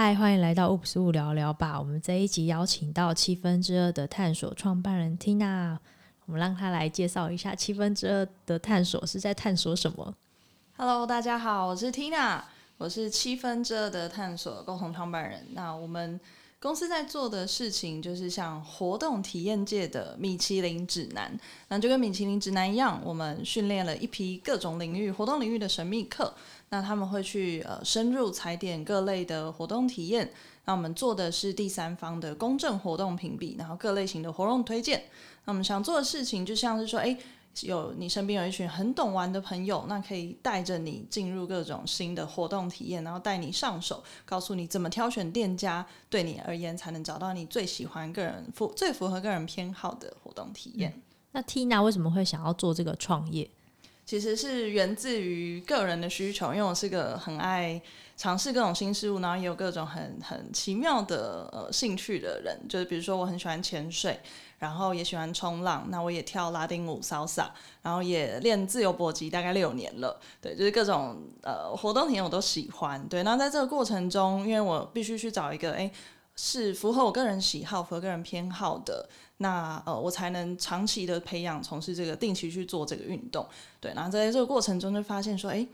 嗨，Hi, 歡迎來到 Oops 五聊聊吧。我們這一集邀請到七分之二的探索創辦人 Tina，我們讓她來介紹一下七分之二的探索是在探索什麼。Hello，大家好，我是 Tina，我是七分之二的探索共同創辦人。那我們公司在做的事情就是像活動體驗界的米其林指南，那就跟米其林指南一樣，我們訓練了一批各種領域活動領域的神秘客。那他們會去呃深入踩點各類的活動體驗，那我們做的是第三方的公正活動評比，然後各類型的活動推薦。那我們想做的事情就像是說，哎、欸，有你身邊有一群很懂玩的朋友，那可以帶着你進入各種新的活動體驗，然後帶你上手，告訴你怎麼挑選店家，對你而言才能找到你最喜歡個人符最符合個人偏好的活動體驗。嗯。那 Tina 為什麼會想要做這個創業？其實是源自於個人的需求，因為我是個很愛嘗試各種新事物，然後也有各種很很奇妙的呃興趣的人，就是比如說我很喜歡潛水，然後也喜歡衝浪，那我也跳拉丁舞、salsa，然後也練自由搏擊，大概六年了，對，就是各種呃活動體驗我都喜歡，對，那在這個過程中，因為我必須去找一個誒。是符合我個人喜好，符合個人偏好的，那呃，我才能長期的培養、從事這個，定期去做這個運動。對，然後在這個過程中就發現說，哎、欸。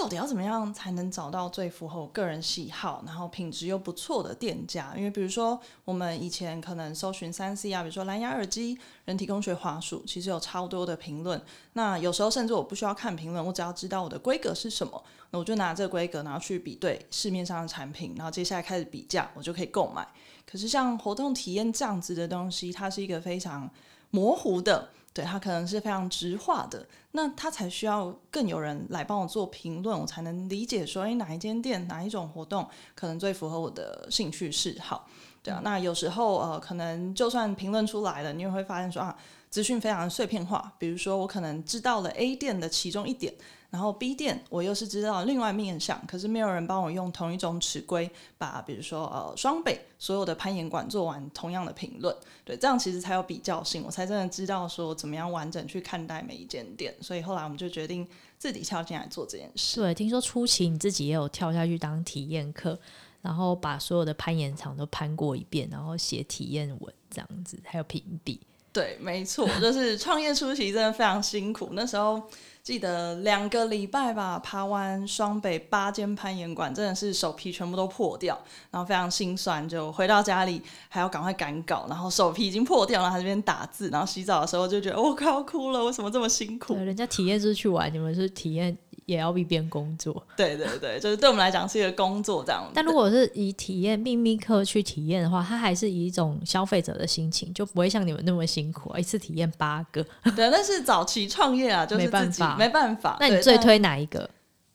到底要怎麼樣才能找到最符合我個人喜好，然後品質又不錯的店家？因為比如說我們以前可能搜尋三 C 啊，比如說藍牙耳機、人體工學滑鼠，其實有超多的評論。那有時候甚至我不需要看評論，我只要知道我的規格是什麼，那我就拿這個規格，然後去比對市面上的產品，然後接下來開始比價，我就可以購買。可是像活動體驗這樣子的東西，它是一個非常模糊的。對，他可能是非常直化的，那他才需要更有人來幫我做評論，我才能理解說，哎，哪一間店，哪一種活動，可能最符合我的興趣嗜好，對啊，嗯、那有時候呃，可能就算評論出來了，你也會發現說啊，資訊非常碎片化，比如說我可能知道了 A 店的其中一點，然後 B 店，我又是知道了另外面向，可是沒有人幫我用同一種尺規把，比如說呃雙北所有的攀岩館做完同樣的評論，對，這樣其實才有比較性，我才真的知道說怎麼樣完整去看待每一間店。所以後來我們就決定自己跳進來做這件事。對，聽說初期你自己也有跳下去當體驗客，然後把所有的攀岩場都攀過一遍，然後寫體驗文這樣子，還有評比。對，沒錯，就是創業初期真的非常辛苦。 那時候記得兩個禮拜吧，爬完雙北八間攀岩館，真的是手皮全部都破掉，然後非常心酸，就回到家裡還要趕快趕稿，然後手皮已經破掉了，然後在這邊打字，然後洗澡的時候就覺得，哦，我快要哭了，為什麼這麼辛苦？人家體驗是去玩，你們是體驗。也要一邊工作，對對對，就是對我們來講是一個工作這樣。 但如果是以體驗神秘客去體驗的話，它還是以一種消費者的心情，就不會像你們那麼辛苦，一次體驗八個。 對，但是早期創業啊，就是自己，沒辦法。沒辦法。那你最推對那哪一個？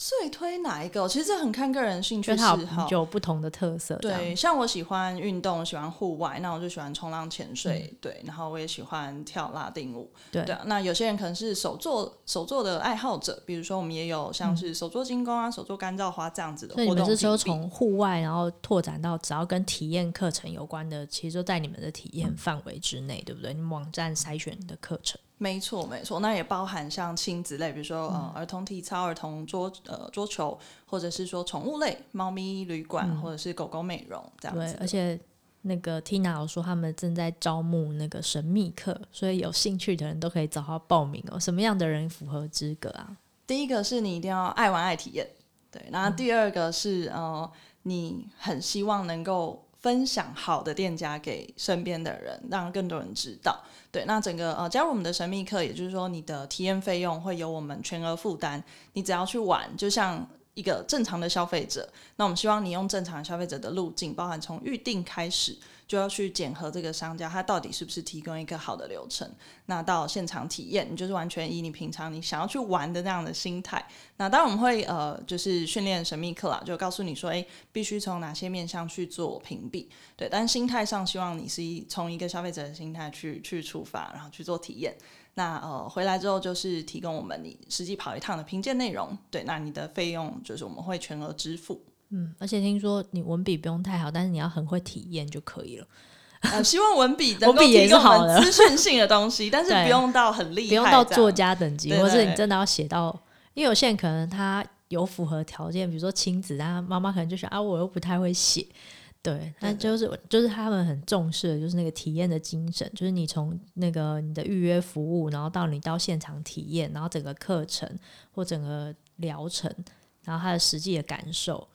最推哪一個？其實這很看個人興趣嗜好，就有不同的特色。對，像我喜歡運動，喜歡戶外，那我就喜歡衝浪潛水。嗯、對，然後我也喜歡跳拉丁舞。對，對，那有些人可能是手作手作的愛好者，比如說我們也有像是手作金工啊、嗯、手作乾燥花這樣子的活動。所以你們是說從戶外，然後拓展到只要跟體驗課程有關的，其實就在你們的體驗範圍之內，對不對？你們網站篩選的課程。沒錯，沒錯，那也包含像親子類，比如說、嗯、呃兒童體操、兒童桌呃桌球，或者是說寵物類，貓咪旅館、嗯、或者是狗狗美容這樣，對，而且那個 Tina 有說他們正在招募那個神秘客，所以有興趣的人都可以找他報名哦。什麼樣的人符合資格啊？第一個是你一定要愛玩愛體驗，對，然後第二個是、嗯、呃你很希望能夠分享好的店家給身邊的人，讓更多人知道。對，那整個呃，加入我們的神秘客，也就是說，你的體驗費用會由我們全額負擔，你只要去玩，就像。一個正常的消費者，那我們希望你用正常的消費者的路徑，包含從預定開始就要去檢核這個商家，他到底是不是提供一個好的流程。那到現場體驗，你就是完全以你平常你想要去玩的那樣的心態。那當然我們會呃，就是訓練神秘客啦，就告訴你說，誒，必須從哪些面向去做評比。對，但是心態上希望你是從一個消費者的心態去去出發，然後去做體驗。那呃，回來之後，就是提供我們你實際跑一趟的評鑑內容，對，那你的費用就是我們會全額支付。嗯，而且聽說你文筆不用太好，但是你要很會體驗就可以了。我、呃、希望文筆，文筆也是好的，資訊性的東西，但是不用到很厲害，不用到作家等級，或者是你真的要寫到，因為有些人可能他有符合條件，比如說親子，啊媽媽可能就是啊，我又不太會寫。對，但就是對對，就是他們很重視的，就是那個體驗的精神，就是你從那個你的預約服務，然後到你到現場體驗，然後整個課程或整個療程，然後他的實際的感受，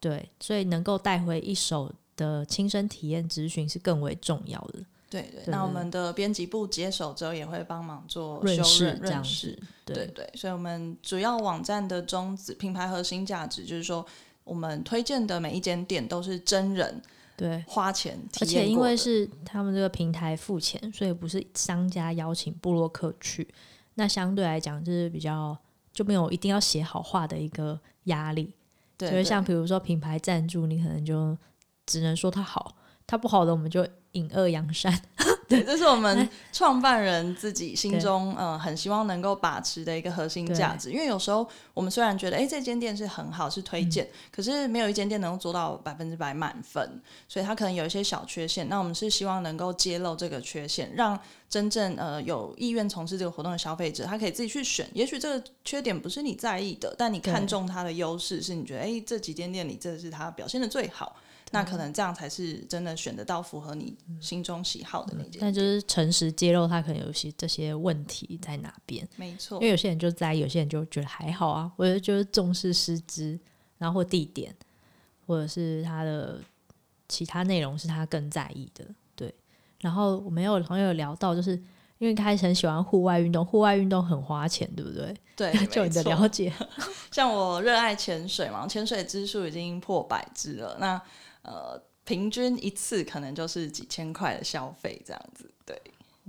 對，所以能夠帶回一手的親身體驗諮詢是更為重要的。對對，對那我們的編輯部接手之後也會幫忙做潤飾，對，對對，所以我們主要網站的宗旨、品牌核心價值就是說。我們推薦的每一間店都是真人，對，花錢對，而且因為是他們這個平台付錢，所以不是商家邀請部落客去，那相對來講就是比較就沒有一定要寫好話的一個壓力，所以像比如說品牌贊助，你可能就只能說他好，他不好的我們就。隱惡揚善，山對，對，這是我們創辦人自己心中，嗯 對、呃，很希望能夠把持的一個核心價值。對因為有時候我們雖然覺得，哎、欸，這間店是很好，是推薦，嗯、可是沒有一間店能夠做到百分之百滿分，所以它可能有一些小缺陷。那我們是希望能夠揭露這個缺陷，讓真正呃有意願從事這個活動的消費者，他可以自己去選。也許這個缺點不是你在意的，但你看中它的優勢，是你覺得，哎對、欸，這幾間店裡，這是它表現得最好。那可能這樣才是真的選得到符合你心中喜好的那件。但就是誠實揭露，他可能有些這些問題在哪邊？嗯、沒錯，因為有些人就在意，有些人就覺得還好啊。或者就是重視師資，然後或地點，或者是他的其他內容是他更在意的。對。然後我們有朋友聊到，就是因為他很喜歡戶外運動，戶外運動很花錢，對不對？對， 就你的了解 像我熱愛潛水嘛，潛水支數已經破百支了。那呃，平均一次可能就是幾千塊的消費這樣子，對，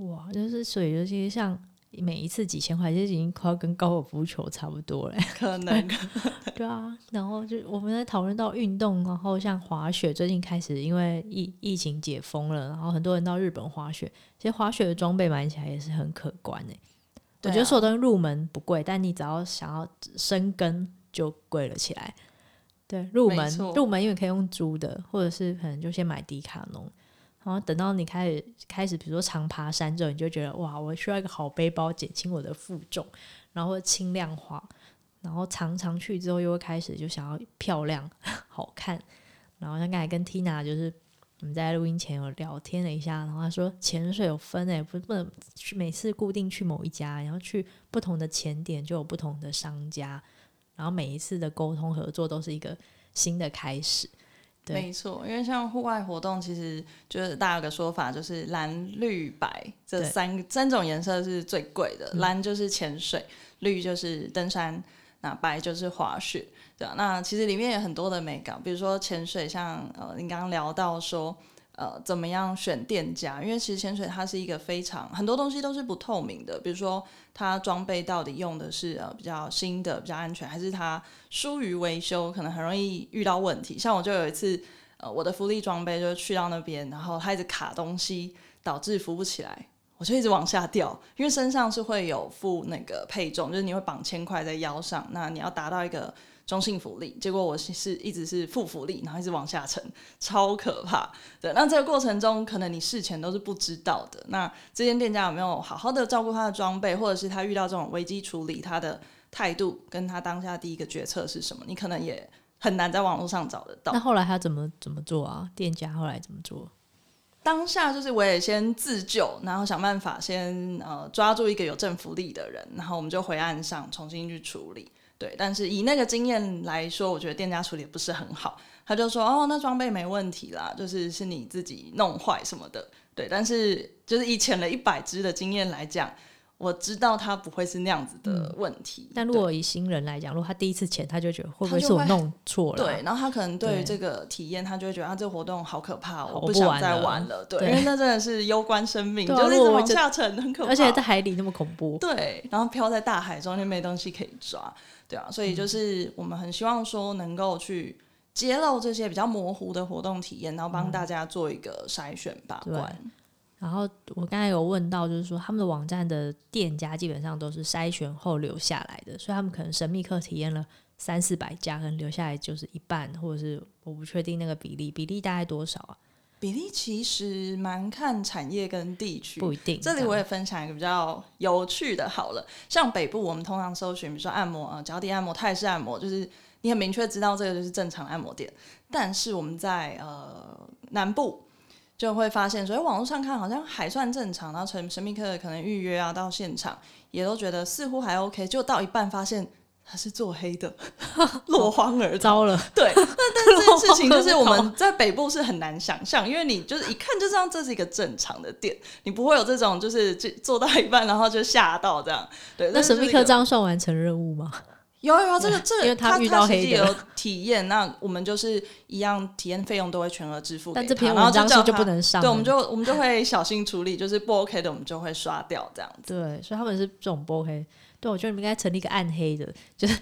哇，就是所以，尤、就、其是像每一次幾千塊，其實已經快要跟高爾夫球差不多了。可能， 對啊。然後就我們在討論到運動，然後像滑雪，最近開始因為疫疫情解封了，然後很多人到日本滑雪，其實滑雪的裝備買起來也是很可觀的。啊、我覺得所有東西入門不貴，但你只要想要深耕就貴了起來。對，入門沒錯，入門，因為可以用租的，或者是可能就先買迪卡儂，然後等到你開始開始，比如說常爬山之後，你就覺得哇，我需要一個好背包減輕我的負重，然後輕量化，然後常常去之後又會開始就想要漂亮好看，然後像剛才跟 Tina，就是我們在錄音前有聊天了一下，然後他說潛水有分誒、欸，不是，不能去每次固定去某一家，然後去不同的潛點就有不同的商家。然後每一次的溝通合作都是一個新的開始，對。沒錯，因為像戶外活動，其實就是大家有個說法，就是藍、綠、白這三對三種顏色是最貴的。嗯、藍就是潛水，綠就是登山，那白就是滑雪。對啊，那其實裡面有很多的美感，比如說潛水，像呃，你剛剛聊到說。呃，怎麼樣選店家？因為其實潛水它是一個非常很多東西都是不透明的，比如說它裝備到底用的是呃比較新的、比較安全，還是它疏於維修，可能很容易遇到問題。像我就有一次，呃，我的浮力裝備就去到那邊，然後它一直卡東西，導致浮不起來，我就一直往下掉，因為身上是會有附那個配重，就是你會綁鉛塊在腰上，那你要達到一個。中性浮力，結果我是一直是負浮力，然後一直往下沉，超可怕。對，那這個過程中，可能你事前都是不知道的。那這間店家有沒有好好的照顧他的裝備，或者是他遇到這種危機處理他的態度，跟他當下第一個決策是什麼？你可能也很難在網絡上找得到。那後來他怎麼怎麼做啊？店家後來怎麼做？當下就是我也先自救，然後想辦法先呃抓住一個有正浮力的人，然後我們就回岸上重新去處理。對，但是以那個經驗來說，我覺得店家處理不是很好。他就說，哦，那裝備沒問題啦，就是是你自己弄壞什麼的。對，但是就是以前的一百只的經驗來講。我知道他不會是那樣子的問題，但如果以新人來講，如果他第一次潛，他就覺得會不會是我弄錯了？對，然後他可能對於這個體驗，他就會覺得啊，這個活動好可怕，我不想再玩了。對，因為那真的是攸關生命，就一直往下沉，很可怕。而且在海裡那麼恐怖。對，然後飄在大海中就沒東西可以抓。對啊，所以就是我們很希望說能夠去揭露這些比較模糊的活動體驗，然後幫大家做一個篩選把關。然後我剛才有問到，就是說他們的網站的店家基本上都是篩選後留下來的，所以他們可能神秘客體驗了三四百家，可能留下來就是一半，或者是我不確定那個比例，比例大概多少啊？比例其實蠻看產業跟地區，不一定。這裡我也分享一個比較有趣的，好了，像北部我們通常搜尋，比如說按摩啊、呃、腳底按摩、泰式按摩，就是你很明確知道這個就是正常按摩店。但是我們在呃南部。就會發現，所以網絡上看好像還算正常。然後神秘客可能預約啊到現場，也都覺得似乎還 OK。就到一半發現他是做黑的，哦、落荒而逃了。對，對但但這件事情就是我們在北部是很難想象，因為你就是一看就知道這是一個正常的店，你不會有這種就是做到一半然後就嚇到這樣。對，那神秘客這樣算完成任務嗎？有，有有這個這個，因為他他自己有體驗，那我們就是一樣體驗費用都會全額支付給他。但這篇文章就不能上，對我們就我們就會小心處理，就是不 OK 的我們就會刷掉這樣子。對，所以他、他、他們是這種不 OK 對。對，我，OK、我、我覺得你們應該成立一個暗黑的，就是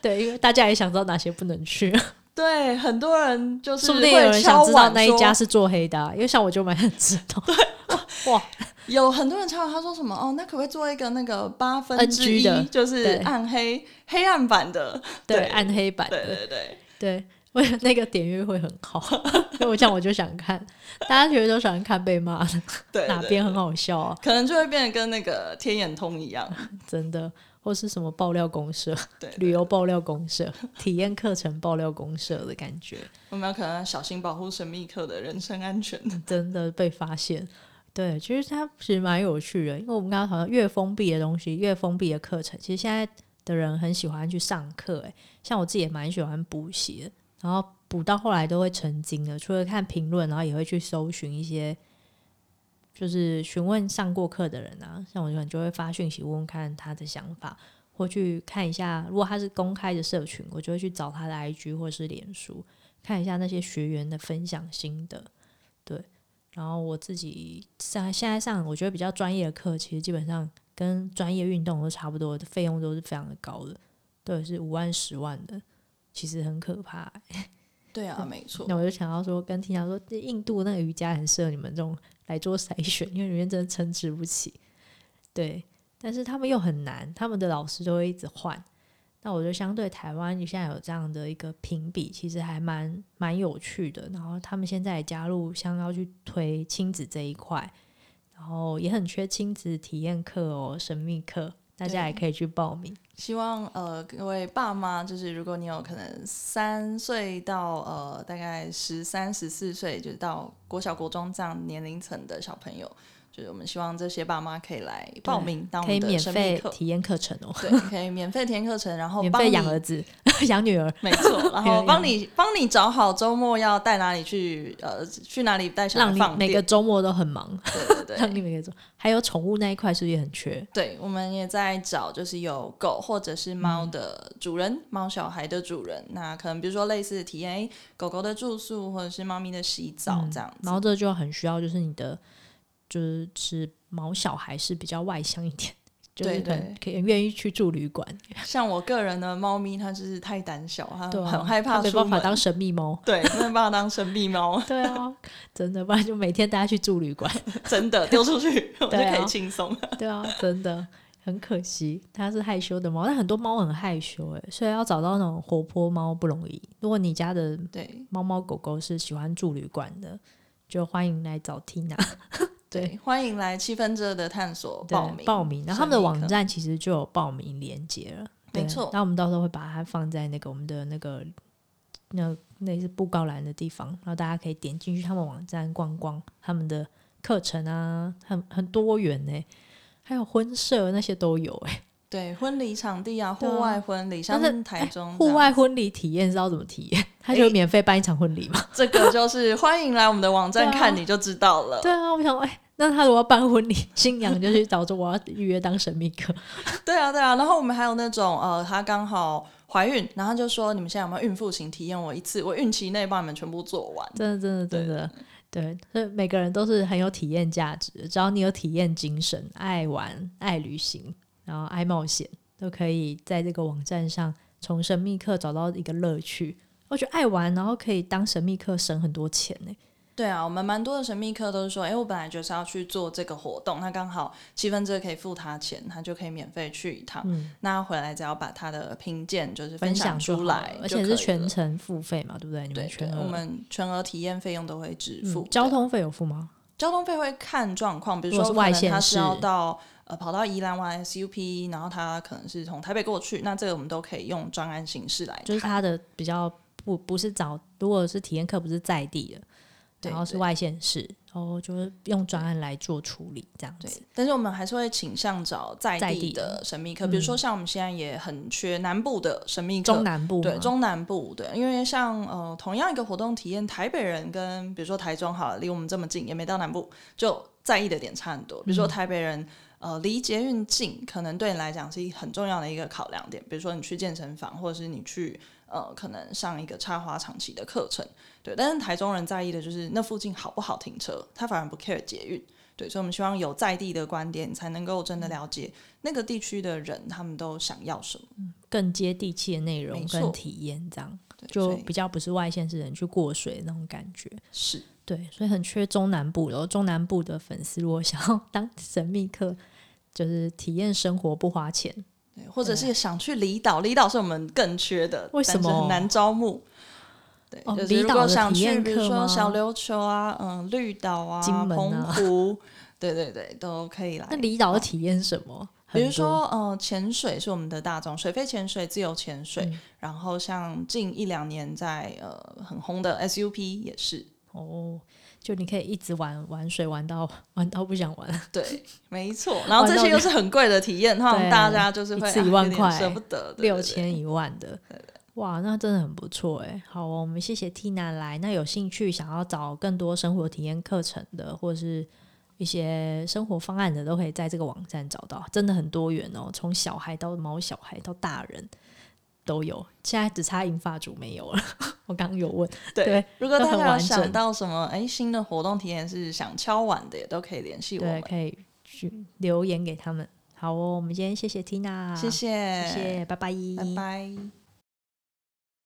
對，因為大家也想知道哪些不能去。對，很多人就是會敲說說不有人想知道那一家是做黑的，啊，因為像我就蠻知道。對，哇，有很多人敲，他說什麼哦，那可不可以做一個那個八分之一，8, G 的就是暗黑對黑暗版的？對，對暗黑版的，對對對對。對為了那個點閱會很好，所以我想我就想看，大家其實都喜歡看被罵的， 對對對，哪邊很好笑啊？可能就會變得跟那個天眼通一樣， 真的，或是什麼爆料公社，對，對，對，旅遊爆料公社、體驗課程爆料公社的感覺。我們要可能要小心保護神秘客的人身安全，真的被發現。對，其實它其實蠻有趣的，因為我們剛剛好像越封閉的東西，越封閉的課程，其實現在的人很喜歡去上課。誒，像我自己也蠻喜歡補習。然後補到後來都會成精的，除了看評論，然後也會去搜尋一些，就是詢問上過課的人啊，像我就會發訊息問問看他的想法，或去看一下，如果他是公開的社群，我就會去找他的 IG 或是臉書，看一下那些學員的分享心得，對。然後我自己上現在上我覺得比較專業的課，其實基本上跟專業運動都差不多，費用都是非常的高的，對，是五萬十萬的。其實很可怕、欸，對啊， 對沒錯錯。那我就想到說，跟聽講說，印度那個瑜伽很適合你們這種來做篩選，因為裡面真的參差不齊。對，但是他們又很難，他們的老師就會一直換。那我覺得，相對台灣現在有這樣的一個評比，其實還蠻蠻有趣的。然後他們現在也加入，想要去推親子這一塊，然後也很缺親子體驗課哦，神秘客。大家也可以去報名。希望呃各位爸媽，就是如果你有可能三歲到呃大概十三、十四歲，就是到國小、國中這樣年齡層的小朋友。就是我們希望這些爸媽可以來報名當我們的，當可以免費體驗課程哦。對，可以免費體驗課程、哦、程，然後你免費養兒子、養女兒，沒錯。然後幫你幫兒你找好周末要帶哪裡去，呃，去哪裡帶小孩。每個周末都很忙，對對對。還有寵物那一塊是不是也很缺？對，我們也在找，就是有狗或者是貓的主人，貓、嗯、小孩的主人。那可能比如說類似體驗、哎、狗狗的住宿，或者是貓咪的洗澡這樣子。然後、嗯、這就很需要，就是你的。就是是毛小孩是比較外向一點，就是、對對，可以願意去住旅館。像我個人呢，貓咪它就是太膽小，它很害怕。沒辦法當神秘貓。對，沒辦法當神秘貓， 對啊，真的，不然就每天帶它去住旅館， 真的丟出去 對啊，我就可以輕鬆。對啊，真的很可惜，它是害羞的貓。但很多貓很害羞，哎，所以要找到那種活潑貓不容易。如果你家的對貓貓狗狗是喜歡住旅館的，就歡迎來找 Tina。 對，歡迎來七分之二的探索報名對報名。然後他們的網站其實就有報名鏈接了，沒錯。那我們到時候會把它放在那個我們的那個那類似布告欄的地方，然後大家可以點進去他們網站逛逛他們的課程啊，很很多元呢、欸，還有婚攝那些都有哎、欸。對，婚禮場地啊，戶外婚禮，啊、像是台中是、哎、戶外婚禮體驗知道怎麼體驗？他就免費辦一場婚禮嘛。欸、 這個就是歡迎來我們的網站看、啊、你就知道了。對啊，我想哎。那他如果要辦婚禮，新娘就去找着我要預約當神秘客。 對啊，對啊。然後我們還有那種呃，她剛好懷孕，然後就說，你們現在有沒有孕婦請體驗我一次，我孕期內把你們全部做完。真的，真的，真的對，對，所以每個人都是很有體驗價值。只要你有體驗精神，愛玩、愛旅行，然後愛冒險，都可以在這個網站上從神秘客找到一個樂趣。我覺得愛玩，然後可以當神秘客省很多錢呢、欸。對啊，我們蠻多的神秘客都是說，哎、欸，我本來就是要去做這個活動，那剛好七分之二可以付他錢，他就可以免費去一趟。嗯、那回來只要把他的評鑑就是分享出來，而且是全程付費嘛，對不對？你們全額。對，對，對，我們全額體驗費用都會支付。嗯、交通費有付嗎？交通費會看狀況，比如說可能他是要到是外呃，跑到宜蘭玩 SUP，然後他可能是從台北過去，那這個我們都可以用專案形式來，就是他的比較不不是找，如果是體驗課不是在地的。然後是外縣市，對對，然後就是用專案來做處理這樣子。但是我們還是會傾向找在地的神秘客，嗯、比如說像我們現在也很缺南部的神秘客，中南部對中南部對，因為像呃同樣一個活動體驗，台北人跟比如說台中好，離我們這麼近，也沒到南部就在意的點差很多，比如說台北人。嗯呃，離捷運近，可能對你來講是一很重要的一個考量點。比如說，你去健身房，或者是你去呃，可能上一個插花長期的課程，對。但是台中人在意的就是那附近好不好停車，他反而不 care 捷運。對，所以我們希望有在地的觀點，才能夠真的了解那個地區的人他們都想要什麼，更接地氣的內容跟體驗，這樣就比較不是外縣市人去過水那種感覺。是對，所以很缺中南部然後中南部的粉絲如果想要當神秘客。就是體驗生活不花錢，對，或者是想去離島，離島對是我們更缺的，為什麼很難招募？對，哦、就是如果想去，比如說小琉球啊，嗯、呃，綠島啊，金門、啊、澎湖，對對對，都可以來。 那離島體驗什麼？比如說，呃，潛水是我們的大眾，水肺潛水、自由潛水，嗯、然後像近一兩年在呃很紅的 SUP 也是哦。就你可以一直玩玩水玩到玩到不想玩，對，沒錯。然後這些又是很貴的體驗，通常，大家就是會、啊、一次一萬塊舍不得，對對對六千一萬的，對對對哇，那真的很不錯誒、欸。好，我們謝謝 Tina 來。那有興趣想要找更多生活體驗課程的，或者是一些生活方案的，都可以在這個網站找到，真的很多元哦、喔，從小孩到毛小孩到大人。都有，現在只差銀髮族沒有了。呵呵，我剛有問，對， 對，如果大家有想到什麼，哎， 新的活動體驗是想敲碗的，也都可以聯繫我們，對，可以去留言給他們。好哦，我們今天謝謝 Tina，謝謝，謝謝，對拜拜，拜拜。